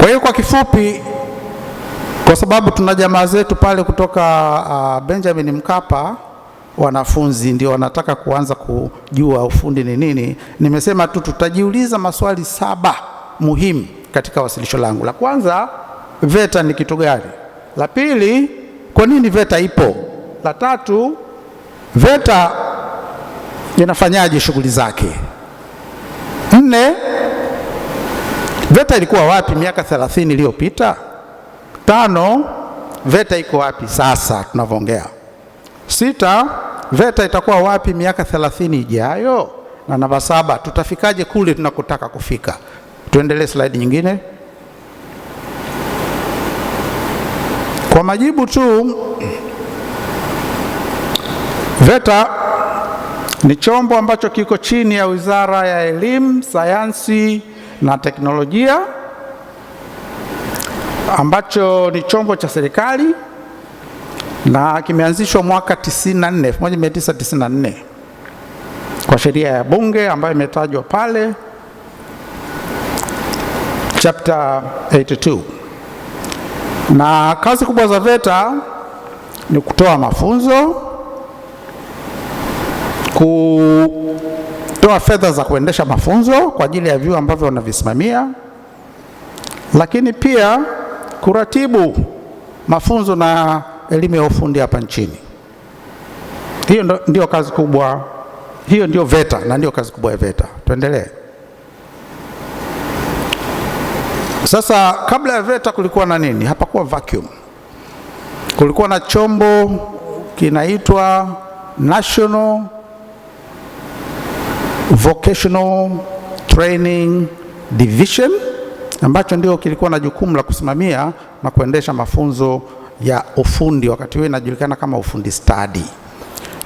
Kwa hiyo kwa kifupi, kwa sababu tuna jamaa zetu pale kutoka uh, Benjamin Mkapa wanafunzi ndio wanataka kuanza kujua ufundi ni nini. Nimesema tu tutajiuliza maswali saba muhimu katika wasilisho langu. La kwanza, VETA ni kitu gani? La pili, kwa nini VETA ipo? La tatu, VETA inafanyaje shughuli zake? Nne, VETA ilikuwa wapi miaka 30 iliyopita? Tano, VETA iko wapi sasa tunavyoongea? Sita, VETA itakuwa wapi miaka 30 ijayo? Na namba saba, tutafikaje kule tunakotaka kufika? Tuendelee slide nyingine. Kwa majibu tu, VETA ni chombo ambacho kiko chini ya Wizara ya Elimu, Sayansi na teknolojia ambacho ni chombo cha serikali na kimeanzishwa mwaka 94 1994 kwa sheria ya bunge ambayo imetajwa pale chapter 82 na kazi kubwa za VETA ni kutoa mafunzo ku kutoa fedha za kuendesha mafunzo kwa ajili ya vyuo ambavyo wanavisimamia, lakini pia kuratibu mafunzo na elimu ya ufundi hapa nchini. Hiyo ndio, ndio kazi kubwa hiyo ndio VETA na ndio kazi kubwa ya VETA. Tuendelee sasa. Kabla ya VETA kulikuwa na nini? Hapakuwa vacuum, kulikuwa na chombo kinaitwa National Vocational Training Division ambacho ndio kilikuwa na jukumu la kusimamia na kuendesha mafunzo ya ufundi, wakati huo inajulikana kama ufundi stadi.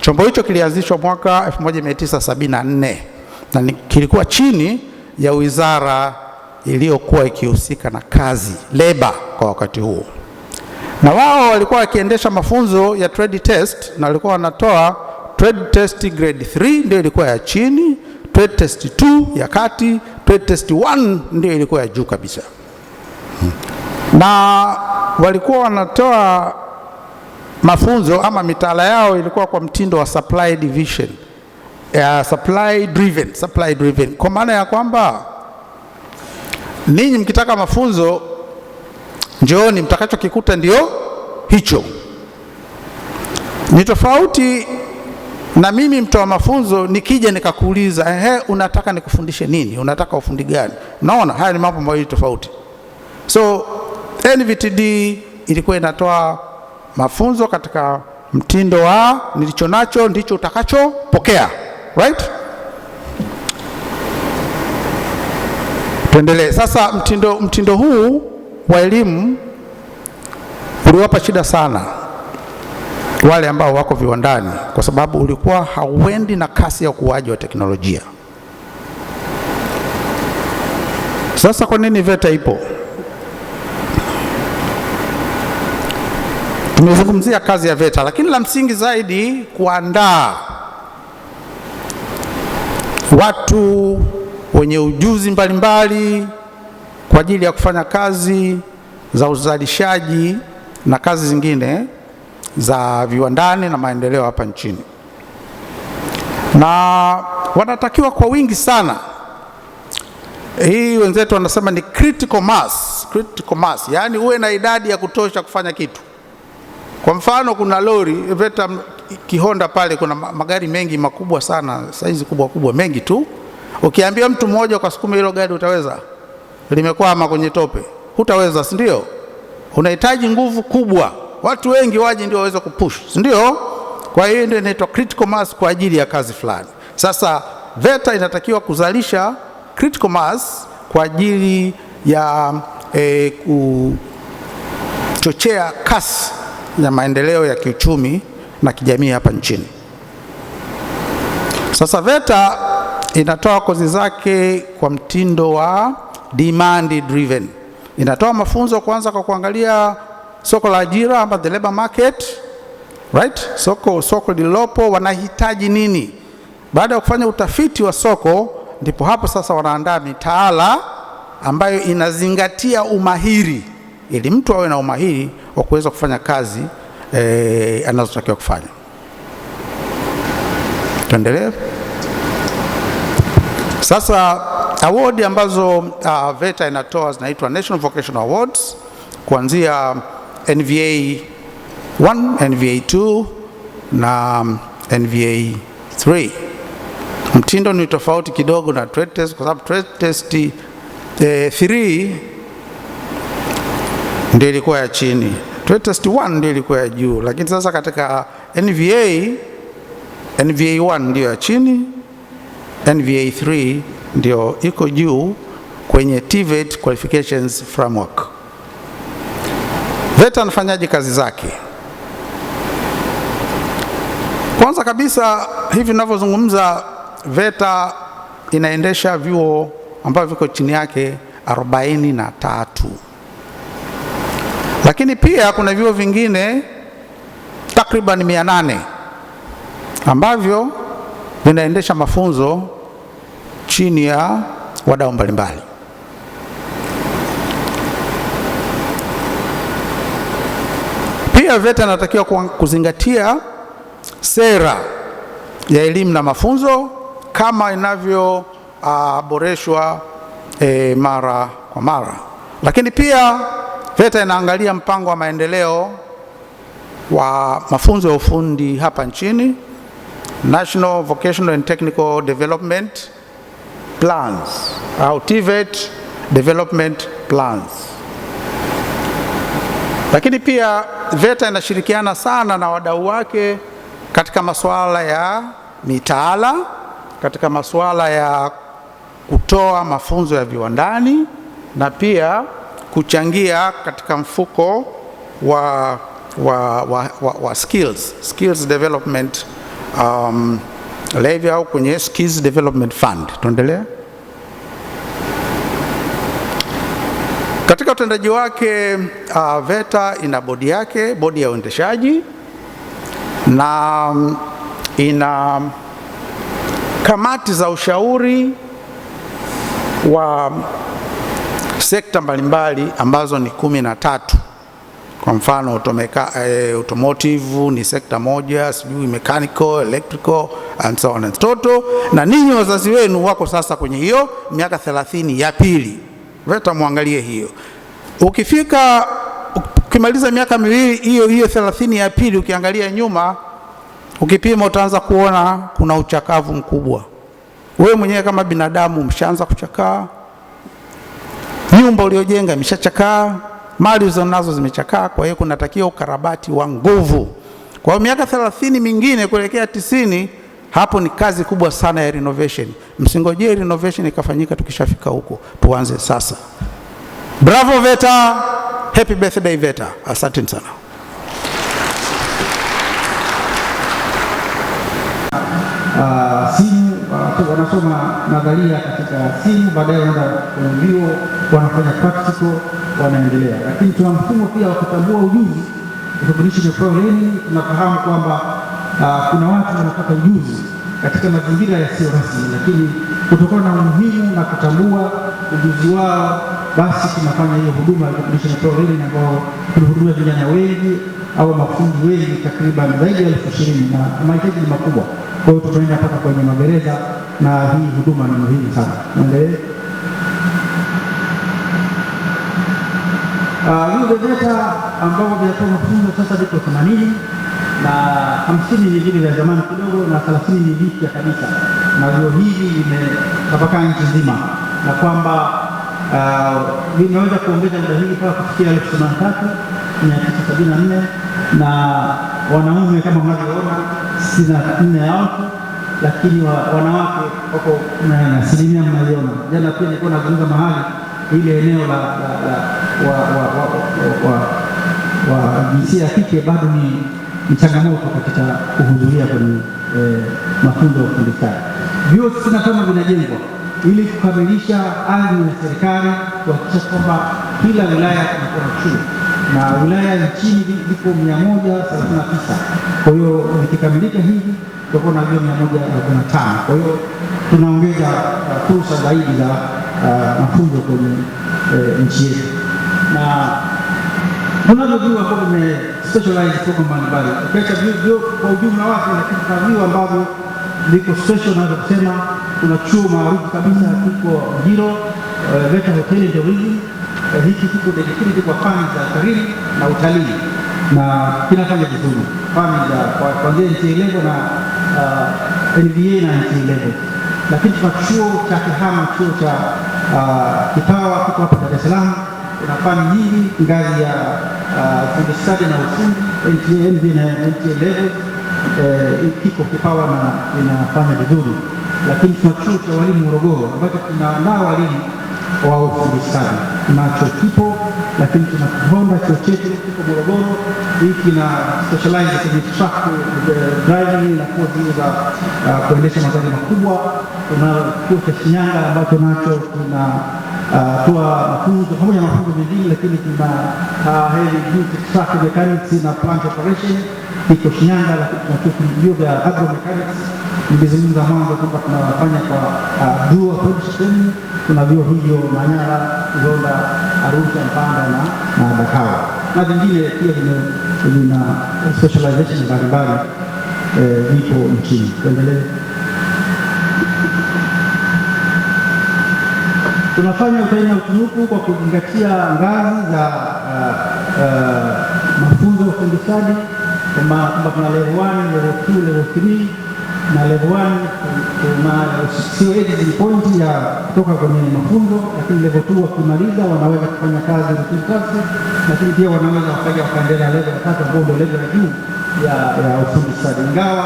Chombo hicho kilianzishwa mwaka 1974 na kilikuwa chini ya wizara iliyokuwa ikihusika na kazi leba kwa wakati huo, na wao walikuwa wakiendesha mafunzo ya trade test na walikuwa wanatoa trade test grade 3, ndio ilikuwa ya chini Trade test 2 ya kati, trade test 1 ndio ilikuwa ya juu kabisa, na walikuwa wanatoa mafunzo ama mitaala yao ilikuwa kwa mtindo wa supply division, ya supply driven, supply driven, kwa maana ya kwamba ninyi mkitaka mafunzo njooni, mtakachokikuta ndio hicho. Ni tofauti na mimi mtoa mafunzo nikija nikakuuliza, ehe, unataka nikufundishe nini? Unataka ufundi gani? Unaona, haya ni mambo mawili tofauti. So NVTD ilikuwa inatoa mafunzo katika mtindo wa nilicho nacho ndicho utakachopokea, right? Tuendelee sasa. Mtindo, mtindo huu wa elimu uliwapa shida sana wale ambao wako viwandani, kwa sababu ulikuwa hauendi na kasi ya ukuaji wa teknolojia. Sasa kwa nini VETA ipo? Tumezungumzia kazi ya VETA, lakini la msingi zaidi kuandaa watu wenye ujuzi mbalimbali mbali, kwa ajili ya kufanya kazi za uzalishaji na kazi zingine za viwandani na maendeleo hapa nchini, na wanatakiwa kwa wingi sana. Hii wenzetu wanasema ni critical mass, critical mass, yaani uwe na idadi ya kutosha kufanya kitu. Kwa mfano kuna lori VETA Kihonda pale, kuna magari mengi makubwa sana, saizi kubwa kubwa, mengi tu. Ukiambia mtu mmoja sukuma hilo gari, utaweza? Limekwama kwenye tope, hutaweza, si ndio? Unahitaji nguvu kubwa watu wengi waje ndio waweze kupush, ndio? Kwa hiyo ndio inaitwa critical mass kwa ajili ya kazi fulani. Sasa VETA inatakiwa kuzalisha critical mass kwa ajili ya e, kuchochea kasi ya maendeleo ya kiuchumi na kijamii hapa nchini. Sasa VETA inatoa kozi zake kwa mtindo wa demand driven. Inatoa mafunzo kwanza kwa kuangalia soko la ajira ama the labor market right? Soko, soko lilopo wanahitaji nini? Baada ya kufanya utafiti wa soko, ndipo hapo sasa wanaandaa mitaala ambayo inazingatia umahiri, ili mtu awe na umahiri wa kuweza kufanya kazi eh, anazotakiwa kufanya. Tuendelee sasa. Award ambazo uh, VETA inatoa zinaitwa National Vocational Awards kuanzia NVA 1, NVA 2 na um, NVA 3. Mtindo ni tofauti kidogo na trade test kwa sababu trade test 3 eh, ndio ilikuwa ya chini, trade test 1 ndio ilikuwa ya juu, lakini sasa katika NVA NVA 1 ndio ya chini, NVA 3 ndio iko juu kwenye TVET e qualifications framework. VETA anafanyaje kazi zake? Kwanza kabisa, hivi ninavyozungumza, VETA inaendesha vyuo ambavyo viko chini yake 43 lakini pia kuna vyuo vingine takriban 800 ambavyo vinaendesha mafunzo chini ya wadau mbalimbali. Pia VETA anatakiwa kuzingatia sera ya elimu na mafunzo kama inavyoboreshwa ah, e, eh, mara kwa mara, lakini pia VETA inaangalia mpango wa maendeleo wa mafunzo ya ufundi hapa nchini, National Vocational and Technical Development Plans au TVET e development plans, lakini pia VETA inashirikiana sana na wadau wake katika masuala ya mitaala, katika masuala ya kutoa mafunzo ya viwandani na pia kuchangia katika mfuko wa, wa, wa, wa, wa skills, skills development um, levy au kwenye skills development fund. Tuendelea. utendaji wake uh, VETA ina bodi yake, bodi ya uendeshaji na um, ina kamati za ushauri wa sekta mbalimbali ambazo ni kumi na tatu. Kwa mfano automeka, eh, automotive ni sekta moja, sijui mechanical, electrical and so on and toto. Na ninyi wazazi wenu wako sasa kwenye hiyo miaka 30 ya pili, VETA mwangalie hiyo. Ukifika ukimaliza miaka miwili hiyo hiyo thelathini ya pili, ukiangalia nyuma, ukipima utaanza kuona kuna uchakavu mkubwa. Wewe mwenyewe kama binadamu umeshaanza kuchakaa, nyumba uliojenga imeshachakaa, mali ulizonazo zimechakaa. Kwa hiyo kunatakiwa ukarabati wa nguvu. Kwa hiyo miaka thelathini mingine kuelekea tisini, hapo ni kazi kubwa sana ya renovation. Msingojee renovation ikafanyika tukishafika huko, tuanze sasa. Bravo VETA, happy birthday VETA. Asanteni sana. Ah, ah, wanasoma nadharia katika simu, baadaye wanaenda kwenye vyuo wanafanya practical, wanaendelea. Lakini tuna mfumo pia wa kutambua ujuzi, virutubishi vya learning. Tunafahamu kwamba uh, kuna watu wanapata ujuzi katika mazingira yasiyo rasmi, lakini kutokana na umuhimu na kutambua ujuzi wao basi tunafanya hiyo huduma ambao tunahudumia vijana wengi au mafundi wengi takriban zaidi ya elfu ishirini na mahitaji ni makubwa. Kwa hiyo tutaenda mpaka kwenye magereza na hii huduma ni muhimu sana. Endelee. Ah, Hivyo VETA ambavyo vinatoa mafunzo sasa viko themanini na hamsini ni vile vya zamani kidogo na thelathini ni vipya kabisa, na vyo hivi vimetapakaa nchi nzima na kwamba Uh, nimeweza kuongeza muda hii mpaka kufikia elfu sitini na tatu mia tisa sabini na nne na wanaume kama mnavyoona sitini na nne ya watu, lakini wanawake wako na asilimia mnaiona. Jana pia nilikuwa nazungumza mahali ile eneo la wa jinsia ya kike bado ni changamoto katika kuhudhuria kwenye eh, mafunzo ya ufundi stadi. Vyuo sitini na tano vinajengwa ili kukamilisha azma ya serikali kuhakikisha kwamba kila wilaya kunakuwa na na wilaya nchini ziko 139. Kwa hiyo vikikamilika hivi tutakuwa na vyuo Kwa hiyo tunaongeza uh, fursa zaidi za uh, mafunzo kwenye uh, nchi yetu, na tunavyojua kwa tume specialize mbalimbali, ukiacha vyuo kwa ujumla wake, lakini kuna vyuo ambavyo viko special naweza kusema kuna chuo maarufu kabisa eh, eh, kiko Mjiro uh, VETA hoteli ndio hizi uh, hiki kiko dedicated kwa fani za karibu na utalii na kinafanya vizuri fani za kuanzia NTA level na uh, eh, NVA na NTA level, lakini tuna chuo cha Tehama, chuo cha uh, Kipawa kiko hapa Dar es Salaam kuna fani nyingi ngazi ya ufundi uh, stadi na ufundi NBA na NTA level kiko Kipawa na inafanya vizuri lakini tuna chuo cha walimu Morogoro ambacho tunaandaa walimu wa ufundishaji. Tunacho kipo, lakini tuna kibonda chuo chetu kiko Morogoro, hii kina specialize kwenye truck eh, driving na kozi za eh, kuendesha magari makubwa. Tuna chuo cha Shinyanga ambacho nacho kina Ah, kuwa mafunzo pamoja na mafunzo mengine, lakini tuna ah, heli juu safi mechanics na plant operation iko Shinyanga, lakini vyuo vya mechanics. Nimezungumza mwanzo kwamba tunafanya kwa ah, dua production. Tuna vyuo hivyo Manyara, Zonda, Arusha, Mpanda na Dakawa na vingine pia vina specialization mbalimbali eh, vipo nchini. Tuendelee. tunafanya utalii na uchunuku kwa kuzingatia ngazi za uh, uh, mafunzo ya ufundishaji kwamba kuna level 1, level 2, level 3 na level 1 kuna sio exit point ya kutoka kwenye mafunzo, lakini level 2 wakimaliza wanaweza kufanya kazi za kazi, lakini pia wanaweza wakaja wakaendelea level 3 tatu ambao ndio level ya juu ya ya ufundishaji, ingawa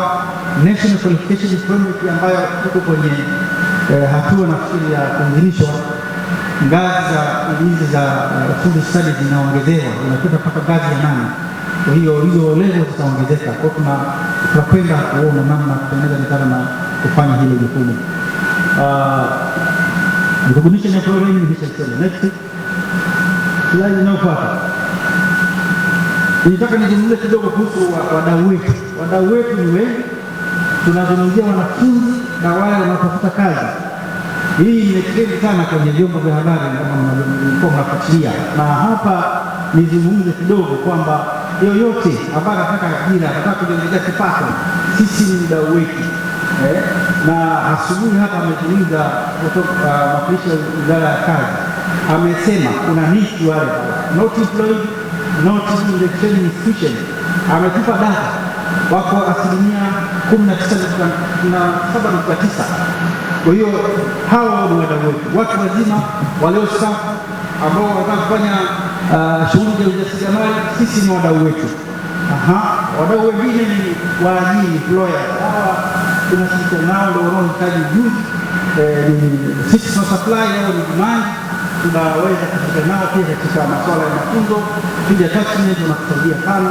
National Qualification Framework ambayo tuko kwenye eh, hatua nafikiri ya kuanzilishwa ngazi za ulinzi za eh, fundi stadi zinaongezewa, unakuta mpaka ngazi ya nane. Kwa hiyo hizo level zitaongezeka, kwa kuna tunakwenda kuona namna kutengeneza ah, na kufanya hilo jukumu. Nikukumbushe na programu hii kisha next slide inayofuata. Nitaka nizungumze kidogo kuhusu wadau wetu. Wadau wetu ni wengi, tunazungumzia wanafunzi na wale wanaotafuta kazi hii imetrend sana kwenye vyombo vya habari kama mnafuatilia, na hapa nizungumze kidogo kwamba yoyote ambaye anataka ajira, anataka kujiongezea kipato, sisi ni mdau wetu eh? na asubuhi hapa kutoka uh, mwakilishi wa wizara ya kazi, amesema kuna NEET wale not employed not in the training institution, ametupa data wako asilimia kumi na tisa nukta saba nukta tisa kwa hiyo hao ni wadau wetu, watu wazima waliostaafu ambao wanataka kufanya uh, shughuli za ujasiriamali, sisi ni wadau wetu. Aha, wadau wengine ni waajiri employers, tunashirikiana nao, ndio wanaohitaji ujuzi. Eh, sisi tuna supply au ni demand, tunaweza kufika nao pia katika masuala ya mafunzo, pia tasimenti wanatusaidia sana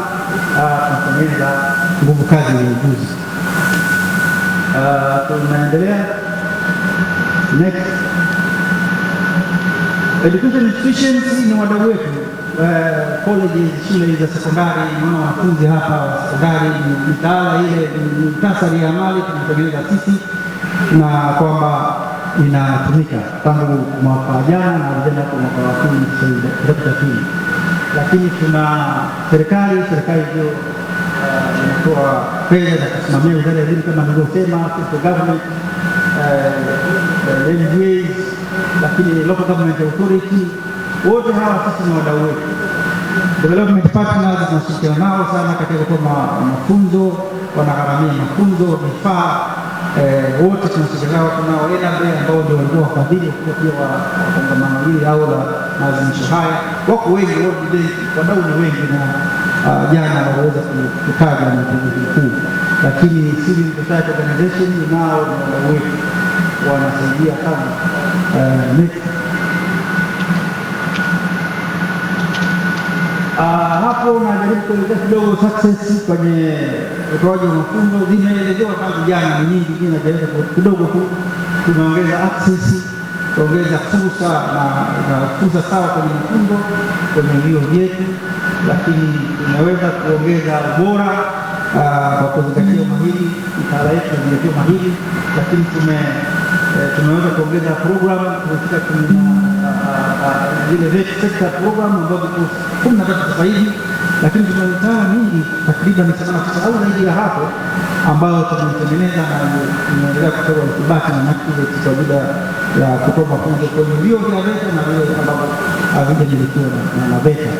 kutengeneza ah, nguvu kazi ya ujuzi. Ah, tunaendelea. Next. Education institutions ni wadau wetu eh, college, shule za sekondari. Naona wanafunzi hapa wa sekondari, mitaala ile mtasari ya mali tunatengeneza sisi na kwamba inatumika tangu mwaka jana na vijana hapo mwaka wa kumi cha pili, lakini tuna serikali serikali ndio eh, inatoa fedha za kusimamia wizara ya elimu kama nilivyosema, government eh, railways, eh, lakini local government authority, wote hawa sisi ni wadau wetu. Development partners tunashirikiana nao sana katika kutoa mafunzo, wanagharamia mafunzo, vifaa eh, wote tunashirikiana nao. Tunao ENAB ambao ndio walikuwa wafadhili pia wa kongamano hili au la maadhimisho haya, wako wengi, wadau ni wengi na ah, jana waweza kutaja na mkuu, lakini Civil Society Organization nao ni wadau wetu wanasaidia kama eh, ah, Hapo najaribu kuelezea kidogo success kwenye utoaji wa mafunzo, zimeelezewa tangu jana nyingi, inajaribu kidogo tu tumeongeza access kuongeza fursa na fursa sawa kwenye mafunzo kwenye vio vyetu, lakini tunaweza kuongeza ubora ah, kwa kuzingatia umahiri, mitaala yetu kuzingatia lakini tume E, tumeweza kuongeza program tumefika zile sekta program ambazo kumi na tatu sasa hivi, lakini tuna mitaa mingi takriban sabini tisa au zaidi ya hapo ambayo tumetengeneza na tunaendelea kutoa ithibati na nakili katika bila ya kutoa mafunzo kwenye vio vya VETA na vile ambavyo havijamilikiwa na VETA.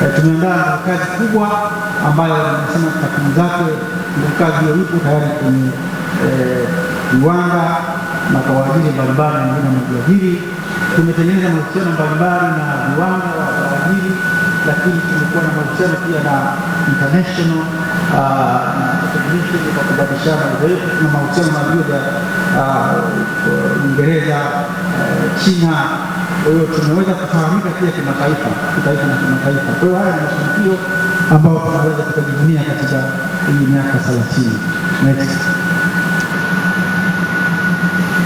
E, Tumeandaa kazi kubwa ambayo nasema takwimu zake kazi hiyo ipo tayari kwenye viwanda na makawaajiri mbalimbali na wengine wamejiajiri. Tumetengeneza mahusiano mbalimbali na viwanda wa wakawaajiri, lakini tumekuwa na mahusiano pia na international ah, kwa kubadilishana uzoefu. Tuna mahusiano mazuri ya ah, Uingereza, eh, China. Kwa hiyo tumeweza kufahamika pia kimataifa, kitaifa na kimataifa. Kwa hiyo haya ni mafanikio ambayo tunaweza tukajivunia katika hii miaka thelathini.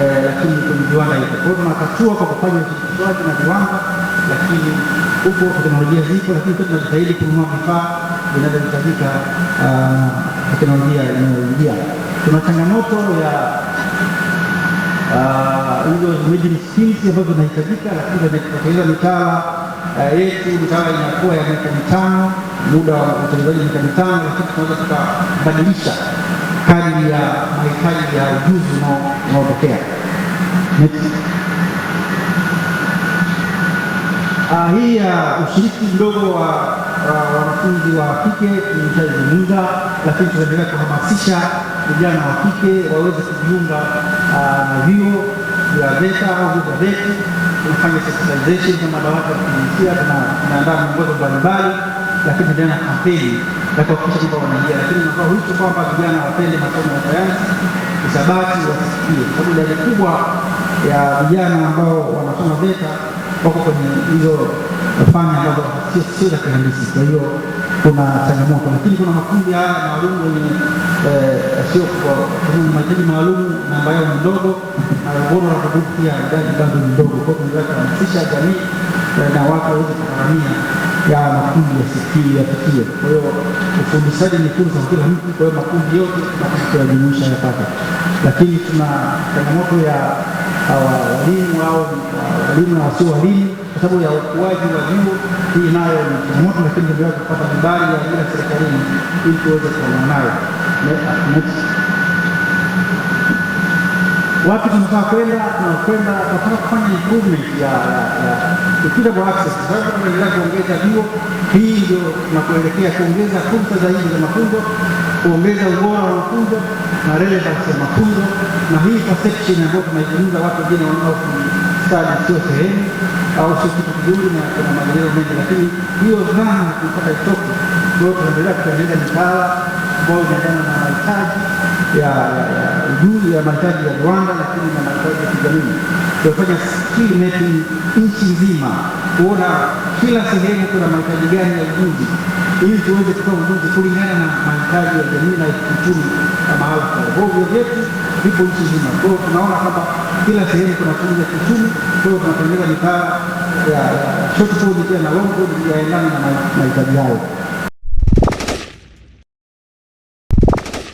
eh, lakini kwenye viwanda hivyo. Kwa hiyo tunakatua kwa kufanya ushirikishwaji na viwanda, lakini huko teknolojia zipo, lakini pia tunajitahidi kununua vifaa vinavyohitajika ah, teknolojia inayoingia. Tuna changamoto ya ah, hizo miji msingi ambazo zinahitajika, lakini tunatekeleza mitaa eh, yetu, mitaa inakuwa ya miaka mitano, muda wa utekelezaji miaka mitano, lakini tunaweza tukabadilisha kadiri ya mahitaji ya ujuzi unaopokea. Ah, hii ya ushiriki mdogo wa wanafunzi wa kike tumeshazungumza, lakini tunaendelea kuhamasisha vijana wa kike waweze kujiunga ah, na vyuo vya VETA au vyuo vya VETA. Tunafanya sensitization ya madawati ya kijinsia, tunaandaa miongozo mbalimbali lakini vijana na kampeni ya kuhakikisha kwamba wanajia, lakini natoa wito kwamba vijana wapende masomo ya sayansi, hisabati, kwa sababu idadi kubwa ya vijana ambao wanasoma VETA wako kwenye hizo fani ambazo sio za kihandisi. Kwa hiyo kuna changamoto, lakini kuna makundi haya maalumu wenye eh, sio mahitaji maalumu na ambayo ni ndogo na ubora wa product ya idadi bado ni ndogo, kwa hiyo tunaendelea kuhamasisha jamii eh, na watu waweze kuharamia ya makundi yasikiyapikia. Kwa hiyo ufundishaji ni fursa kila mtu, kwa hiyo makundi yote tunajumuisha yapata, lakini tuna changamoto ya walimu au walimu na wasio walimu kwa sababu ya ukuaji wa jimbo. Hii nayo ni changamoto, lakini tunataka kupata vibali ya ajira serikalini ili tuweze kuona nayo watu tunataka kwenda, tunakwenda tunataka kufanya improvement ya affordable access, kwa sababu tunaendelea kuongeza vyuo. Hii ndio tunakuelekea kuongeza fursa zaidi za mafunzo, kuongeza ubora wa mafunzo na relevance ya mafunzo, na hii perception ambayo tunaizungumza, watu wengine wanaostadi sio sehemu au sio kitu kizuri, na kuna maendeleo mengi, lakini hiyo dhana tunataka itoke. Kwa hiyo tunaendelea kutengeneza mitaala ambayo inaendana na mahitaji ya juu ya mahitaji ya viwanda, lakini na mahitaji ya kijamii. Tunafanya skill mapping nchi nzima kuona kila sehemu kuna mahitaji gani ya ujuzi, ili tuweze kutoa ujuzi kulingana na mahitaji ya jamii na kiuchumi na mahali. Kwa hivyo vyetu vipo nchi nzima, kwa hiyo tunaona kwamba kila sehemu kuna fursa ya kiuchumi. Kwa hiyo tunatengeneza mitaa ya short food pia na long food yaendana na mahitaji hayo.